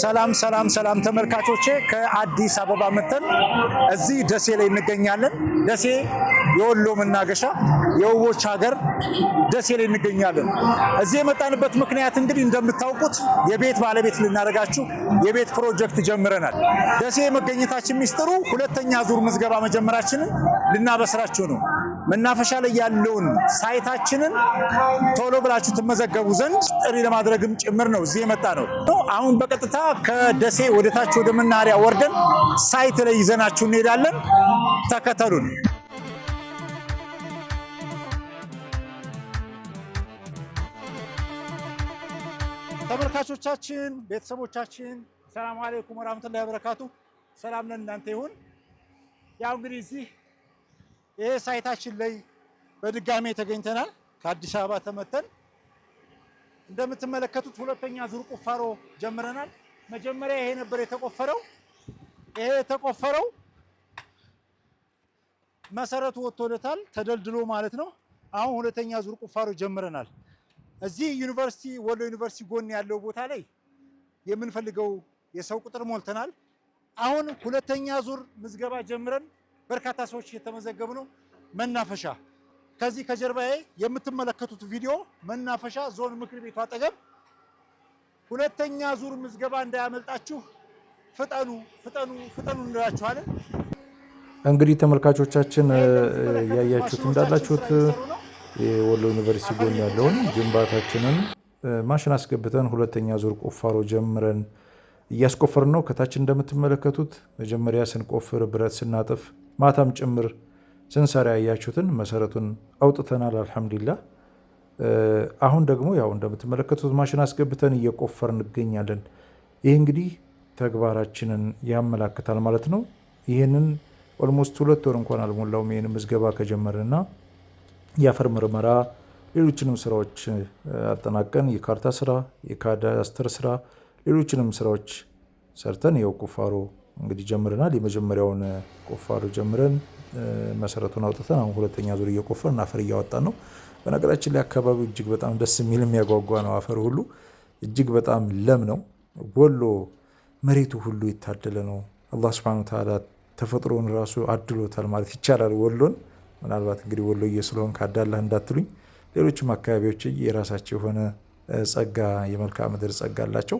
ሰላም ሰላም ሰላም ተመልካቾቼ፣ ከአዲስ አበባ መተን እዚህ ደሴ ላይ እንገኛለን። ደሴ የወሎ መናገሻ የውቦች ሀገር ደሴ ላይ እንገኛለን። እዚህ የመጣንበት ምክንያት እንግዲህ እንደምታውቁት የቤት ባለቤት ልናደርጋችሁ የቤት ፕሮጀክት ጀምረናል። ደሴ የመገኘታችን ሚስጥሩ ሁለተኛ ዙር ምዝገባ መጀመራችንን ልናበስራችሁ ነው። መናፈሻ ላይ ያለውን ሳይታችንን ቶሎ ብላችሁ ትመዘገቡ ዘንድ ጥሪ ለማድረግም ጭምር ነው እዚህ የመጣ ነው። አሁን በቀጥታ ከደሴ ወደታች ወደ መናኸሪያ ወርደን ሳይት ላይ ይዘናችሁ እንሄዳለን። ተከተሉን። ተመልካቾቻችን ቤተሰቦቻችን፣ ሰላም አለይኩም ወራህመቱላሂ ወበረካቱ። ሰላም ለእናንተ ይሁን። ያው እንግዲህ እዚህ ይህ ሳይታችን ላይ በድጋሜ ተገኝተናል። ከአዲስ አበባ ተመተን እንደምትመለከቱት ሁለተኛ ዙር ቁፋሮ ጀምረናል። መጀመሪያ ይሄ ነበር የተቆፈረው። ይሄ የተቆፈረው መሰረቱ ወጥቶለታል፣ ተደልድሎ ማለት ነው። አሁን ሁለተኛ ዙር ቁፋሮ ጀምረናል። እዚህ ዩኒቨርሲቲ ወሎ ዩኒቨርሲቲ ጎን ያለው ቦታ ላይ የምንፈልገው የሰው ቁጥር ሞልተናል። አሁን ሁለተኛ ዙር ምዝገባ ጀምረን በርካታ ሰዎች እየተመዘገቡ ነው። መናፈሻ ከዚህ ከጀርባዬ የምትመለከቱት ቪዲዮ መናፈሻ ዞን ምክር ቤቱ አጠገብ ሁለተኛ ዙር ምዝገባ እንዳያመልጣችሁ ፍጠኑ ፍጠኑ ፍጠኑ እንላችኋለን። እንግዲህ ተመልካቾቻችን ያያችሁት እንዳላችሁት የወሎ ዩኒቨርሲቲ ጎን ያለውን ግንባታችንን ማሽን አስገብተን ሁለተኛ ዙር ቁፋሮ ጀምረን እያስቆፈርን ነው። ከታች እንደምትመለከቱት መጀመሪያ ስንቆፍር ብረት ስናጥፍ ማታም ጭምር ስንሰራ ያያችሁትን መሰረቱን አውጥተናል። አልሐምዱሊላህ። አሁን ደግሞ ያው እንደምትመለከቱት ማሽን አስገብተን እየቆፈር እንገኛለን። ይህ እንግዲህ ተግባራችንን ያመላክታል ማለት ነው። ይህንን ኦልሞስት ሁለት ወር እንኳን አልሞላውም ይህን ምዝገባ ከጀመርንና የአፈር ምርመራ፣ ሌሎችንም ስራዎች አጠናቀን የካርታ ስራ፣ የካዳስተር ስራ፣ ሌሎችንም ስራዎች ሰርተን የው ቁፋሮ እንግዲህ ጀምረናል። የመጀመሪያውን ቁፋሮ ጀምረን መሰረቱን አውጥተን አሁን ሁለተኛ ዙር እየቆፈርን አፈር እያወጣን ነው። በነገራችን ላይ አካባቢው እጅግ በጣም ደስ የሚል የሚያጓጓ ነው። አፈር ሁሉ እጅግ በጣም ለም ነው። ወሎ መሬቱ ሁሉ የታደለ ነው። አላህ ስብሐነሁ ተዓላ ተፈጥሮን ራሱ አድሎታል ማለት ይቻላል። ወሎን ምናልባት እንግዲህ ወሎዬ ስለሆንክ አዳላህ እንዳትሉኝ፣ ሌሎችም አካባቢዎች የራሳቸው የሆነ ጸጋ የመልክዓ ምድር ጸጋ አላቸው።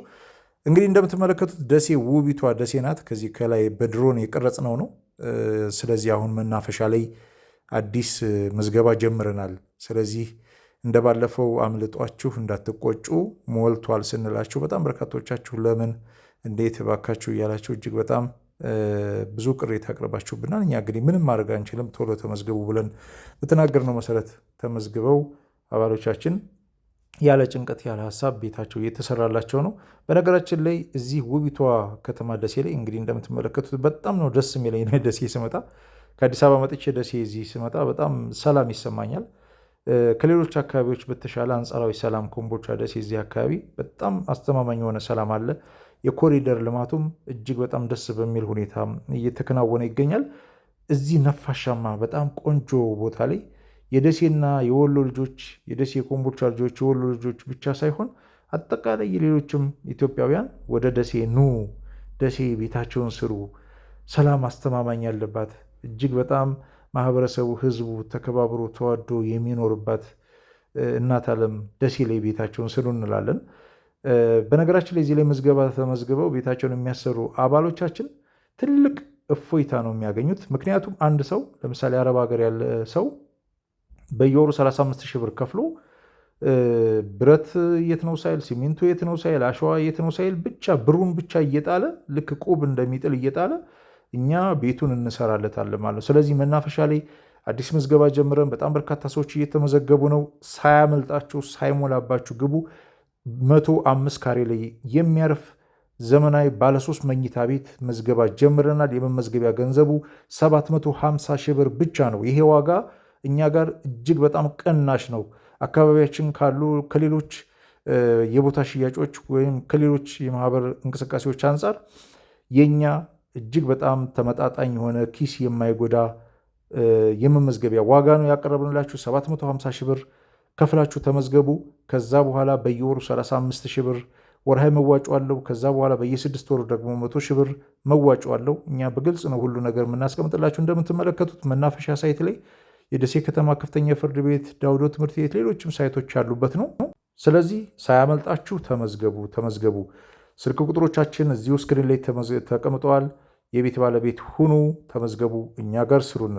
እንግዲህ እንደምትመለከቱት ደሴ ውቢቷ ደሴ ናት። ከዚህ ከላይ በድሮን የቀረጽነው ነው። ስለዚህ አሁን መናፈሻ ላይ አዲስ ምዝገባ ጀምረናል። ስለዚህ እንደባለፈው አምልጧችሁ እንዳትቆጩ፣ ሞልቷል ስንላችሁ በጣም በርካቶቻችሁ ለምን እንዴት ባካችሁ እያላችሁ እጅግ በጣም ብዙ ቅሬታ አቅርባችሁብናል። እኛ እንግዲህ ምንም ማድረግ አንችልም። ቶሎ ተመዝግቡ ብለን በተናገርነው መሰረት ተመዝግበው አባሎቻችን ያለ ጭንቀት ያለ ሀሳብ ቤታቸው እየተሰራላቸው ነው። በነገራችን ላይ እዚህ ውቢቷ ከተማ ደሴ ላይ እንግዲህ እንደምትመለከቱት በጣም ነው ደስ የሚለኝ ደሴ ስመጣ ከአዲስ አበባ መጥቼ ደሴ እዚህ ስመጣ በጣም ሰላም ይሰማኛል። ከሌሎች አካባቢዎች በተሻለ አንጻራዊ ሰላም ኮምቦልቻ፣ ደሴ እዚህ አካባቢ በጣም አስተማማኝ የሆነ ሰላም አለ። የኮሪደር ልማቱም እጅግ በጣም ደስ በሚል ሁኔታ እየተከናወነ ይገኛል። እዚህ ነፋሻማ በጣም ቆንጆ ቦታ ላይ የደሴና የወሎ ልጆች የደሴ የኮምቦልቻ ልጆች የወሎ ልጆች ብቻ ሳይሆን አጠቃላይ የሌሎችም ኢትዮጵያውያን ወደ ደሴ ኑ፣ ደሴ ቤታቸውን ስሩ፣ ሰላም አስተማማኝ ያለባት እጅግ በጣም ማህበረሰቡ፣ ህዝቡ ተከባብሮ ተዋዶ የሚኖርባት እናት ዓለም ደሴ ላይ ቤታቸውን ስሩ እንላለን። በነገራችን ላይ እዚህ ላይ ምዝገባ ተመዝግበው ቤታቸውን የሚያሰሩ አባሎቻችን ትልቅ እፎይታ ነው የሚያገኙት። ምክንያቱም አንድ ሰው ለምሳሌ አረብ ሀገር ያለ ሰው በየወሩ 35 ሺህ ብር ከፍሎ ብረት የት ነው ሳይል፣ ሲሚንቶ የት ነው ሳይል፣ አሸዋ የት ነው ሳይል ብቻ ብሩን ብቻ እየጣለ ልክ ቁብ እንደሚጥል እየጣለ እኛ ቤቱን እንሰራለታለን ማለት ነው። ስለዚህ መናፈሻ ላይ አዲስ ምዝገባ ጀምረን በጣም በርካታ ሰዎች እየተመዘገቡ ነው። ሳያመልጣችሁ ሳይሞላባችሁ ግቡ። መቶ አምስት ካሬ ላይ የሚያርፍ ዘመናዊ ባለሶስት መኝታ ቤት ምዝገባ ጀምረናል። የመመዝገቢያ ገንዘቡ 750 ሺህ ብር ብቻ ነው። ይሄ ዋጋ እኛ ጋር እጅግ በጣም ቅናሽ ነው። አካባቢያችን ካሉ ከሌሎች የቦታ ሽያጮች ወይም ከሌሎች የማህበር እንቅስቃሴዎች አንጻር የእኛ እጅግ በጣም ተመጣጣኝ የሆነ ኪስ የማይጎዳ የመመዝገቢያ ዋጋ ነው ያቀረብንላችሁ። 750 ሺህ ብር ከፍላችሁ ተመዝገቡ። ከዛ በኋላ በየወሩ 35 ሺህ ብር ወርሃዊ መዋጮ አለው። ከዛ በኋላ በየስድስት ወሩ ደግሞ መቶ ሺህ ብር መዋጮ አለው። እኛ በግልጽ ነው ሁሉ ነገር የምናስቀምጥላችሁ። እንደምትመለከቱት መናፈሻ ሳይት ላይ የደሴ ከተማ ከፍተኛ ፍርድ ቤት፣ ዳውዶ ትምህርት ቤት፣ ሌሎችም ሳይቶች ያሉበት ነው። ስለዚህ ሳያመልጣችሁ ተመዝገቡ ተመዝገቡ። ስልክ ቁጥሮቻችን እዚሁ ስክሪን ላይ ተቀምጠዋል። የቤት ባለቤት ሁኑ፣ ተመዝገቡ፣ እኛ ጋር ስሩን።